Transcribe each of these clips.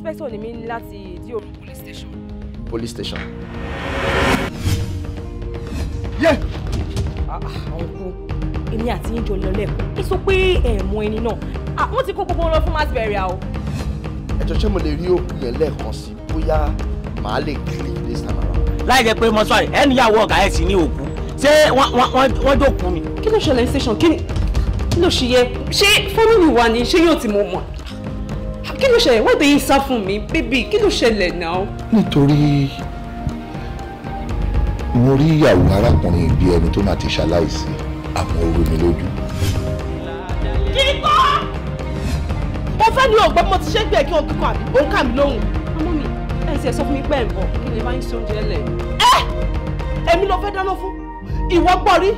inspector ni mi ní láti Ìdíòro police station. police station. yẹ. Ah, ah, àwọn kú èmi àti yín jọ lọ lẹ́kọ̀ọ́ ẹ sọ pé ẹ mọ ẹni náà ah, wọ́n ti kó gbogbo wọn lọ fún mass burial o. ẹ jọ ṣé mo lè rí òkú yẹn lẹ́ẹ̀kan sí bóyá màá lè kiri this time around. láì jẹ́ pé mọ́ṣúárì ẹnìyàwó ọ̀gá ẹ̀ sì ní òkú ṣé wọ́n jókòó ni. kí ló ṣẹlẹ̀ ní station kí ló ṣe yẹ ṣé fóònù mi wà ní ṣé yóò ti mọ̀ mọ́ kí ló ṣẹlẹ̀ wọ́n bẹ̀yìn sá fún mi bébì kí ló ṣẹlẹ̀ náà. nítorí mo rí ìyàwó arákùnrin ìbí ẹni tó máa ti ṣaláìsí àmọ́ orí mi lójú. kíkọ́ mo fẹ́ ní ọ̀gbọ́n mo ti ṣe gbẹ̀ kí ọkọ̀ àbí òun kà mí lóhùn. ọmọ mi ẹ ti ẹ sọ fún mi pé ẹ ń bọ̀ kí ni bá ń ṣe oúnjẹ lẹ̀. ẹ èmi ló fẹ́ dáná fún ìwọ gbọ́ rí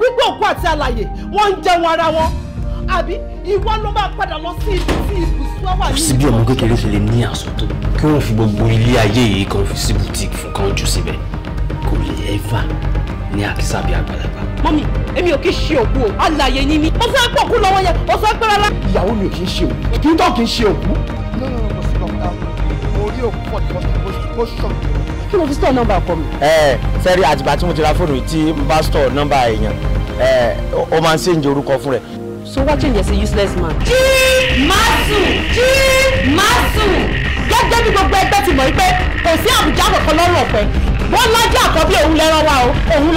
wípé òkú àti alàyè wọ́n ń jẹun ara wọn àbí ìwọ ló máa padà lọ sí ibi sí ibi kò sí bí ọmọ kékeré ṣe lè ní àsọtó kí wọ́n fi gbogbo ilé ayé yìí kan fi sí boutique fún kan jù síbẹ̀ kò lè ẹ́fà ní àkísà bíi àgbàlagbà. mọ́mí èmi ò kí ṣe òkú o alàyè ni mí. mo pọ̀ kú lọ́wọ́ yẹn mo fẹ́ pẹ́ ìyàwó mi ò kí ń ṣe òkú kí n tọ́ kí n ṣe òkú. kí mo fi store nọ́mbà ọkọ mi. ẹ sẹ́rí àtìgbà tí mo ti ra fóònù tí n bá store nọ́mbà èèyàn ó máa ń ṣèǹjẹ orúkọ fún rẹ̀. So what change is a useless man? Jí Màsù! Jí Màsù! Gẹ́gẹ́ bí gbogbo ẹgbẹ́ ti mọ̀ pé kò sí àbùjá kankan lọ́rùn ọ̀pẹ. Wọ́n lájú àkọ́bí òun lẹ́rọ̀ wa o, òun